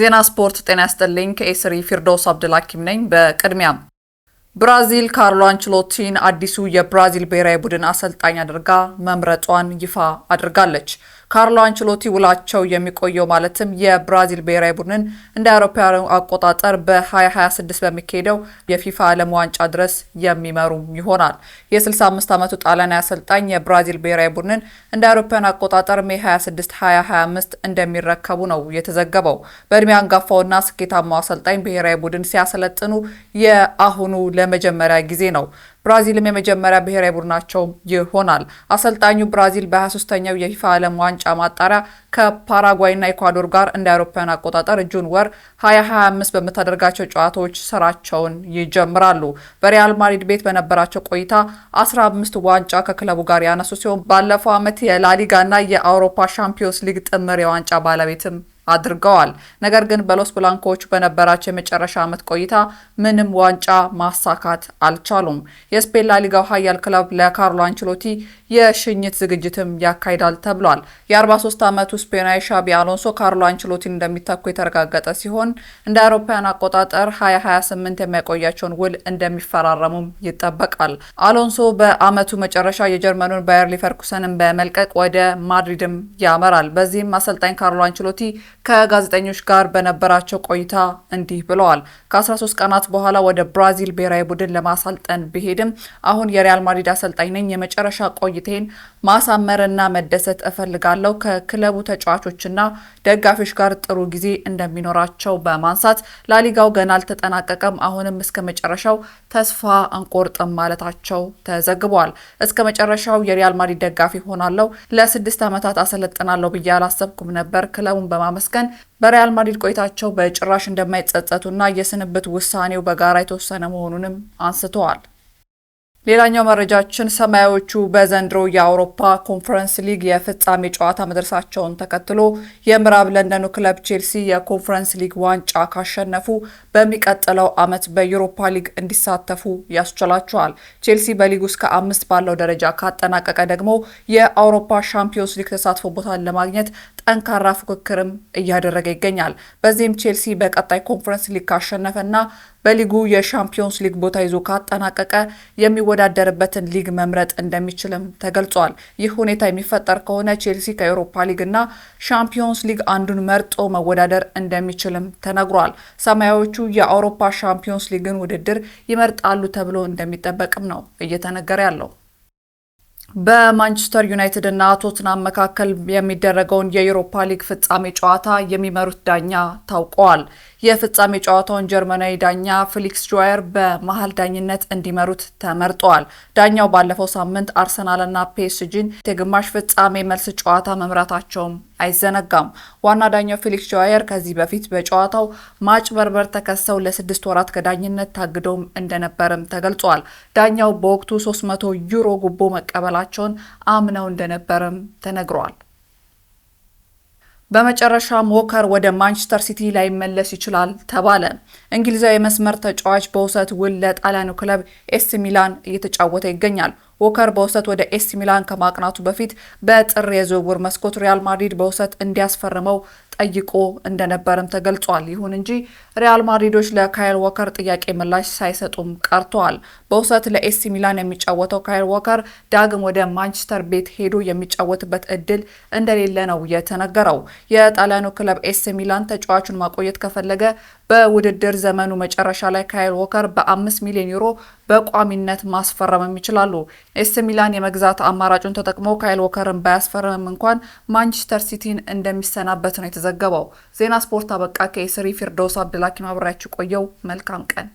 ዜና ስፖርት። ጤና ይስጥልኝ። ከኤስሪ ፊርዶስ አብድልሐኪም ነኝ። በቅድሚያም ብራዚል ካርሎ አንችሎቲን አዲሱ የብራዚል ብሔራዊ ቡድን አሰልጣኝ አድርጋ መምረጧን ይፋ አድርጋለች። ካርሎ አንችሎቲ ውላቸው የሚቆየው ማለትም የብራዚል ብሔራዊ ቡድንን እንደ አውሮፓውያኑ አቆጣጠር በ2026 በሚካሄደው የፊፋ ዓለም ዋንጫ ድረስ የሚመሩ ይሆናል። የ65 ዓመቱ ጣሊያናዊ አሰልጣኝ የብራዚል ብሔራዊ ቡድንን እንደ አውሮፓውያኑ አቆጣጠር ሜ 26 2025 እንደሚረከቡ ነው የተዘገበው። በእድሜ አንጋፋውና ስኬታማው አሰልጣኝ ብሔራዊ ቡድን ሲያሰለጥኑ የአሁኑ ለመጀመሪያ ጊዜ ነው። ብራዚልም የመጀመሪያ ብሔራዊ ቡድናቸው ይሆናል። አሰልጣኙ ብራዚል በ23ኛው የፊፋ ዓለም ዋንጫ ማጣሪያ ከፓራጓይና ኢኳዶር ጋር እንደ አውሮፓውያን አቆጣጠር ጁን ወር 2025 በምታደርጋቸው ጨዋታዎች ስራቸውን ይጀምራሉ። በሪያል ማድሪድ ቤት በነበራቸው ቆይታ 15 ዋንጫ ከክለቡ ጋር ያነሱ ሲሆን ባለፈው ዓመት የላሊጋና የአውሮፓ ሻምፒዮንስ ሊግ ጥምር የዋንጫ ባለቤትም አድርገዋል። ነገር ግን በሎስ ብላንኮዎቹ በነበራቸው የመጨረሻ ዓመት ቆይታ ምንም ዋንጫ ማሳካት አልቻሉም። የስፔን ላሊጋው ኃያል ክለብ ለካርሎ አንችሎቲ የሽኝት ዝግጅትም ያካሂዳል ተብሏል። የ43 ዓመቱ ስፔናዊ ሻቢ አሎንሶ ካርሎ አንችሎቲን እንደሚተኩ የተረጋገጠ ሲሆን እንደ አውሮፓውያን አቆጣጠር 2028 የሚያቆያቸውን ውል እንደሚፈራረሙም ይጠበቃል። አሎንሶ በአመቱ መጨረሻ የጀርመኑን ባየር ሊቨርኩሰንን በመልቀቅ ወደ ማድሪድም ያመራል። በዚህም አሰልጣኝ ካርሎ አንችሎቲ ከጋዜጠኞች ጋር በነበራቸው ቆይታ እንዲህ ብለዋል። ከ13 ቀናት በኋላ ወደ ብራዚል ብሔራዊ ቡድን ለማሰልጠን ብሄድም አሁን የሪያል ማድሪድ አሰልጣኝ ነኝ። የመጨረሻ ቆይቴን ማሳመርና መደሰት እፈልጋለሁ። ከክለቡ ተጫዋቾችና ደጋፊዎች ጋር ጥሩ ጊዜ እንደሚኖራቸው በማንሳት ላሊጋው ገና አልተጠናቀቀም፣ አሁንም እስከ መጨረሻው ተስፋ አንቆርጥም ማለታቸው ተዘግቧል። እስከ መጨረሻው የሪያል ማድሪድ ደጋፊ ሆናለሁ። ለስድስት ዓመታት አሰለጥናለሁ ብዬ አላሰብኩም ነበር ክለቡን በማመስ ቀን በሪያል ማድሪድ ቆይታቸው በጭራሽ እንደማይጸጸቱና የስንብት ውሳኔው በጋራ የተወሰነ መሆኑንም አንስተዋል። ሌላኛው መረጃችን ሰማያዎቹ በዘንድሮ የአውሮፓ ኮንፈረንስ ሊግ የፍጻሜ ጨዋታ መድረሳቸውን ተከትሎ የምዕራብ ለንደኑ ክለብ ቼልሲ የኮንፈረንስ ሊግ ዋንጫ ካሸነፉ በሚቀጥለው ዓመት በዩሮፓ ሊግ እንዲሳተፉ ያስችላቸዋል። ቼልሲ በሊግ ውስጥ ከአምስት ባለው ደረጃ ካጠናቀቀ ደግሞ የአውሮፓ ሻምፒዮንስ ሊግ ተሳትፎ ቦታን ለማግኘት ጠንካራ ፉክክርም እያደረገ ይገኛል። በዚህም ቼልሲ በቀጣይ ኮንፈረንስ ሊግ ካሸነፈና በሊጉ የሻምፒዮንስ ሊግ ቦታ ይዞ ካጠናቀቀ የሚወዳደርበትን ሊግ መምረጥ እንደሚችልም ተገልጿል። ይህ ሁኔታ የሚፈጠር ከሆነ ቼልሲ ሊግ እና ሻምፒዮንስ ሊግ አንዱን መርጦ መወዳደር እንደሚችልም ተነግሯል። ሰማያዎቹ የአውሮፓ ሻምፒዮንስ ሊግን ውድድር ይመርጣሉ ተብሎ እንደሚጠበቅም ነው እየተነገረ ያለው። በማንቸስተር ዩናይትድ እና ቶትናም መካከል የሚደረገውን የዩሮፓ ሊግ ፍጻሜ ጨዋታ የሚመሩት ዳኛ ታውቀዋል። የፍጻሜ ጨዋታውን ጀርመናዊ ዳኛ ፊሊክስ ጆየር በመሀል ዳኝነት እንዲመሩት ተመርጠዋል። ዳኛው ባለፈው ሳምንት አርሰናልና ፔስጂን የግማሽ ፍጻሜ መልስ ጨዋታ መምራታቸውም አይዘነጋም። ዋና ዳኛው ፊሊክስ ጆየር ከዚህ በፊት በጨዋታው ማጭበርበር ተከሰው ለስድስት ወራት ከዳኝነት ታግደውም እንደነበርም ተገልጿል። ዳኛው በወቅቱ 300 ዩሮ ጉቦ መቀበላቸውን አምነው እንደነበርም ተነግሯል። በመጨረሻ ዎከር ወደ ማንቸስተር ሲቲ ላይመለስ ይችላል ተባለ። እንግሊዛዊ መስመር ተጫዋች በውሰት ውል ለጣሊያኑ ክለብ ኤስ ሚላን እየተጫወተ ይገኛል። ወከር በውሰት ወደ ኤሲ ሚላን ከማቅናቱ በፊት በጥር የዝውውር መስኮት ሪያል ማድሪድ በውሰት እንዲያስፈርመው ጠይቆ እንደነበርም ተገልጿል። ይሁን እንጂ ሪያል ማድሪዶች ለካይል ወከር ጥያቄ ምላሽ ሳይሰጡም ቀርተዋል። በውሰት ለኤሲ ሚላን የሚጫወተው ካይል ወከር ዳግም ወደ ማንቸስተር ቤት ሄዶ የሚጫወትበት እድል እንደሌለ ነው የተነገረው። የጣሊያኑ ክለብ ኤሲ ሚላን ተጫዋቹን ማቆየት ከፈለገ በውድድር ዘመኑ መጨረሻ ላይ ካይል ዎከር በ5 ሚሊዮን ዩሮ በቋሚነት ማስፈረምም ይችላሉ። ኤስ ሚላን የመግዛት አማራጩን ተጠቅሞ ካይል ዎከርን ባያስፈረምም እንኳን ማንቸስተር ሲቲን እንደሚሰናበት ነው የተዘገበው። ዜና ስፖርት አበቃ። ከኤስሪ ፊርዶስ አብድላኪም ቆየው። መልካም ቀን